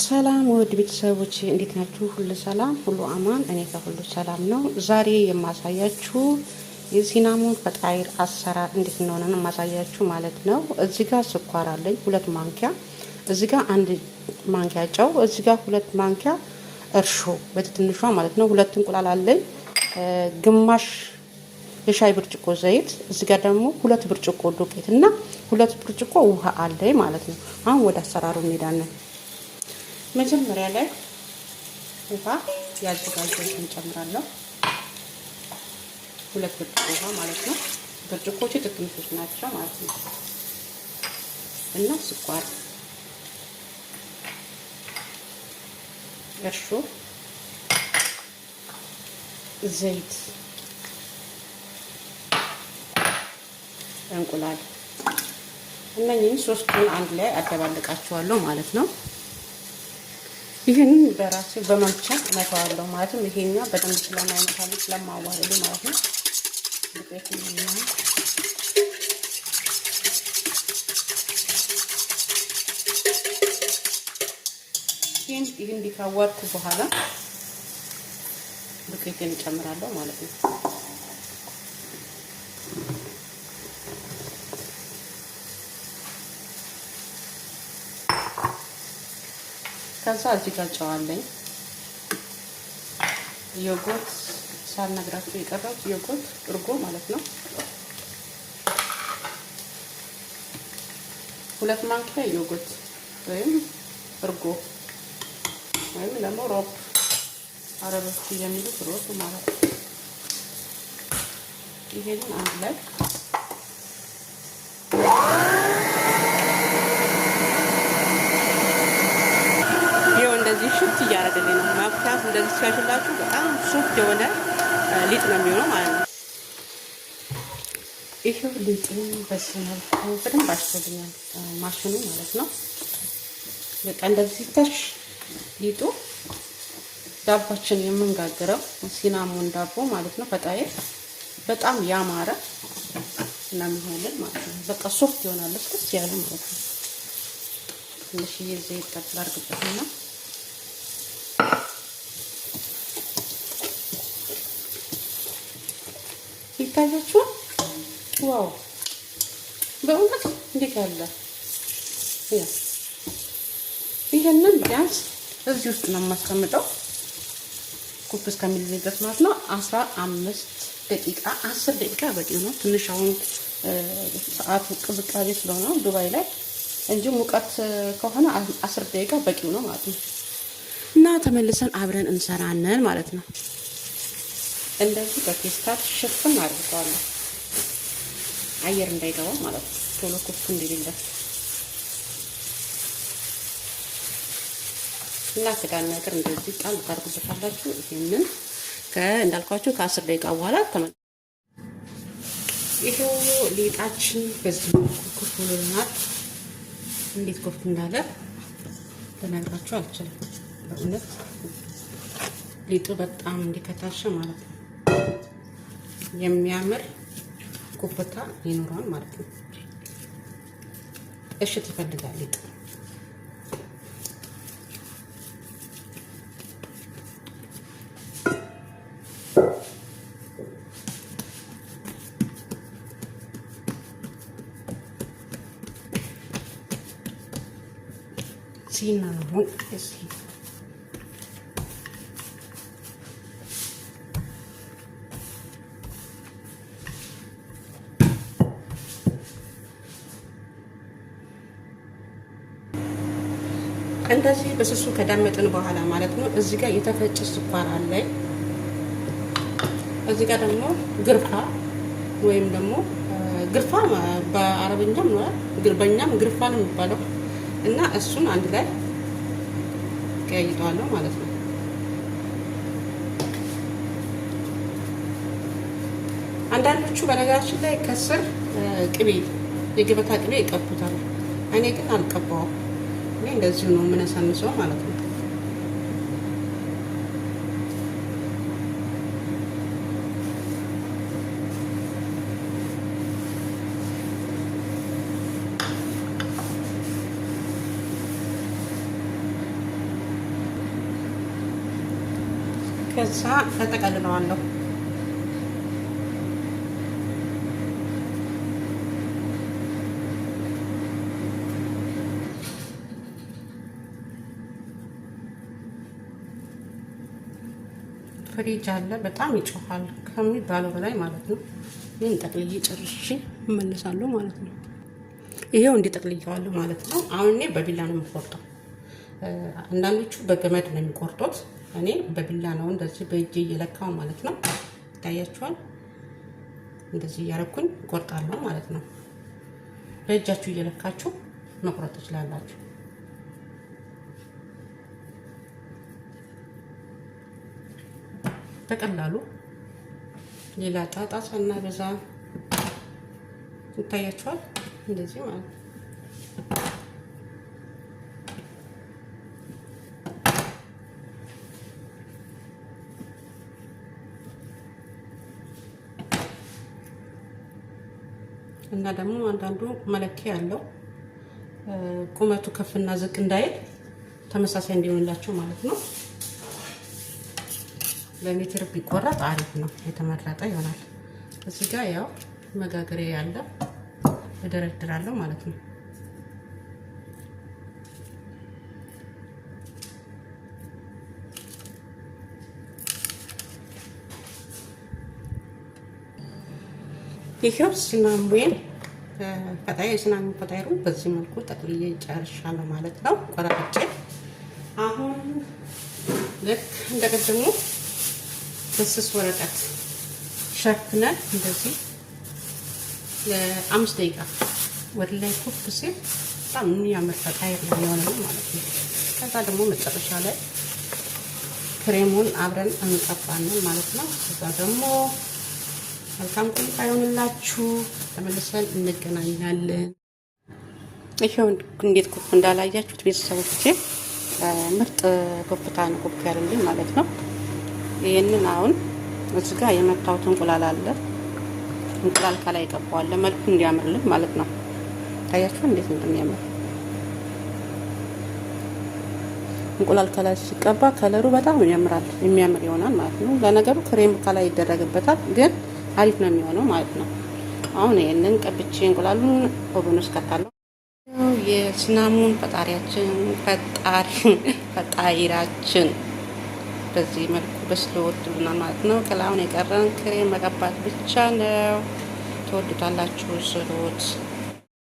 ሰላም ውድ ቤተሰቦች እንዴት ናችሁ? ሁሉ ሰላም፣ ሁሉ አማን። እኔ ከሁሉ ሰላም ነው። ዛሬ የማሳያችሁ የሲናሞን ፈጣይር አሰራር እንዴት እንደሆነ የማሳያችሁ ማለት ነው። እዚህ ጋር ስኳር አለኝ ሁለት ማንኪያ፣ እዚህ ጋር አንድ ማንኪያ ጨው፣ እዚህ ጋር ሁለት ማንኪያ እርሾ በትንሿ ማለት ነው። ሁለት እንቁላል አለኝ፣ ግማሽ የሻይ ብርጭቆ ዘይት፣ እዚህ ጋር ደግሞ ሁለት ብርጭቆ ዱቄት እና ሁለት ብርጭቆ ውሃ አለኝ ማለት ነው። አሁን ወደ አሰራሩ እንሄዳለን። መጀመሪያ ላይ ውሃ ያዘጋጀሁት እንጨምራለሁ። ሁለት ብርጭቆ ውሃ ማለት ነው። ብርጭቆቹ ትንንሾች ናቸው ማለት ነው። እና ስኳር፣ እርሾ፣ ዘይት፣ እንቁላል እነኝህን ሶስቱን አንድ ላይ አደባልቃቸዋለሁ ማለት ነው። ይህን በራሱ በመምቻ መተዋለሁ። ማለትም ይሄኛ በደንብ ስለማይመታል ስለማዋለሉ ማለት ነው። ዱቄት ይህን ይህን እንዲካዋርኩ በኋላ ዱቄትን እጨምራለሁ ማለት ነው። ከዛ እዚህ ጋር ጨዋለኝ ዮጎት ሳልነግራችሁ የቀረው ዮጎት እርጎ ማለት ነው። ሁለት ማንኪያ ዮጉርት ወይም እርጎ ወይም ደግሞ ሮፕ አረቦቹ የሚሉት ሮብ ማለት ነው። ይሄንን አንድ ላይ ሽፍት እያደረገልኝ ነው። ማብካት እንደዚህ ሲያሽላችሁ በጣም ሶፍት የሆነ ሊጥ ነው የሚሆነው ማለት ነው። ይሄው ሊጡ በዚህ መልኩ በደንብ አሽቶልኛል ማሽኑ ማለት ነው። በቃ እንደዚህ ሲታሽ ሊጡ ዳባችን የምንጋግረው ሲናሞን ዳቦ ማለት ነው። ፈጣዬ በጣም ያማረ እና የሚሆንን ማለት ነው። በቃ ሶፍት ይሆናል፣ ልስኩስ ያሉ ማለት ነው። ትንሽዬ ዘይት ጠቅላ አድርግበትና አያችሁም? ዋው በእውነት እንዴት ያለ ይህንን ቢያንስ እዚህ ውስጥ ነው የማስቀምጠው ኩፍ እስከሚልልኝ ማለት ነው። አስራ አምስት ደቂቃ አስር ደቂቃ በቂ ነው። ትንሽ አሁን ሰዓቱ ቅዝቃዜ ስለሆነ ዱባይ ላይ እንጂ ሙቀት ከሆነ አስር ደቂቃ በቂ ነው ማለት ነው። እና ተመልሰን አብረን እንሰራለን ማለት ነው። እንደዚህ በፔስታል ሽፍን አድርገዋለሁ። አየር እንዳይገባ ማለት ነው። ቶሎ ኩፍ እንዲልለት እና ስጋ ነገር እንደዚህ ጣል ታርጉበታላችሁ። ይሄንን ከእንዳልኳችሁ ከአስር ደቂቃ በኋላ ተመልሰን ይሄው ሊጣችን በዚህ መልኩ ኩፍ ብሎልናል። እንዴት ኩፍ እንዳለ ልነግራችሁ አልችልም። በእውነት ሊጡ በጣም እንዲከታሸ ማለት ነው። የሚያምር ጉብታ ይኖረዋል ማለት ነው። እሽት ይፈልጋል ሊጥ ሲናሙን እዚህ እንደዚህ በስሱ ከዳመጥን በኋላ ማለት ነው። እዚህ ጋር የተፈጨ ስኳር አለ። እዚህ ጋር ደግሞ ግርፋ ወይም ደግሞ ግርፋ በአረብኛም ነው ግርበኛም ግርፋ ነው የሚባለው እና እሱን አንድ ላይ ቀያይጠዋለሁ ማለት ነው። አንዳንዶቹ በነገራችን ላይ ከስር ቅቤ የገበታ ቅቤ ይቀቡታል። እኔ ግን አልቀባውም። እንደዚሁ ነው የምነሰንሰው ማለት ነው። ከዛ ተጠቀልለዋለሁ። ፍሪጅ አለ። በጣም ይጮሃል ከሚባለው በላይ ማለት ነው። ይህን ጠቅልዬ ጨርሼ እመለሳለሁ ማለት ነው። ይሄው እንዲህ ጠቅልዬዋለሁ ማለት ነው። አሁን እኔ በቢላ ነው የምቆርጠው። አንዳንዶቹ በገመድ ነው የሚቆርጡት። እኔ በቢላ ነው እንደዚህ በእጄ እየለካው ማለት ነው። ይታያችኋል። እንደዚህ እያረኩኝ እቆርጣለሁ ማለት ነው። በእጃችሁ እየለካችሁ መቁረጥ ትችላላችሁ። በቀላሉ ሌላ ጣጣ በዛ ይታያችኋል። እንደዚህ ማለት ነው። እና ደግሞ አንዳንዱ መለኪያ ያለው ቁመቱ ከፍና ዝቅ እንዳይል ተመሳሳይ እንዲሆንላቸው ማለት ነው። በሜትር ቢቆረጥ አሪፍ ነው፣ የተመረጠ ይሆናል። እዚህ ጋር ያው መጋገሪያ ያለ እደረድራለሁ ማለት ነው። ይሄው ሲናሙዌን ፈጣይ የሲናሙ ፈጣይሩ በዚህ መልኩ ጠቅልዬ ጨርሻለሁ ማለት ነው። ቆራጭ አሁን ልክ እንደቀደሙ በስስ ወረቀት ሸፍነን እንደዚህ ለአምስት ደቂቃ ወደ ላይ ኩፍ ሲል በጣም የሚያምር ፈጣ የሆነ ማለት ነው። ከዛ ደግሞ መጨረሻ ላይ ክሬሙን አብረን እንቀባለን ማለት ነው። ከዛ ደግሞ መልካም ቆይታ ይሆንላችሁ። ተመልሰን እንገናኛለን። ይሄው እንዴት ኩፍ እንዳላያችሁት ቤተሰቦቼ ምርጥ ኮፍታ ነው ኩፍ ያለልኝ ማለት ነው። ይህንን አሁን እዚህ ጋር የመታሁት እንቁላል አለ። እንቁላል ከላይ አለ መልኩ እንዲያምርልን ማለት ነው። ታያችሁ እንዴት እንደሚያምር እንቁላል ከላይ ሲቀባ ከለሩ በጣም ያምራል፣ የሚያምር ይሆናል ማለት ነው። ለነገሩ ክሬም ከላይ ይደረግበታል፣ ግን አሪፍ ነው የሚሆነው ማለት ነው። አሁን ይህንን ቀብቼ እንቁላሉን ኦቨን ውስጥ ከታለሁ። የሲናሙን ፈጣሪያችን ፈጣሪ ፈጣሪራችን በዚህ መልኩ በስሎ ወጥቶልናል ማለት ነው። ከላሁን የቀረን ክሬም መቀባት ብቻ ነው። ተወዱታላችሁ ስሩት።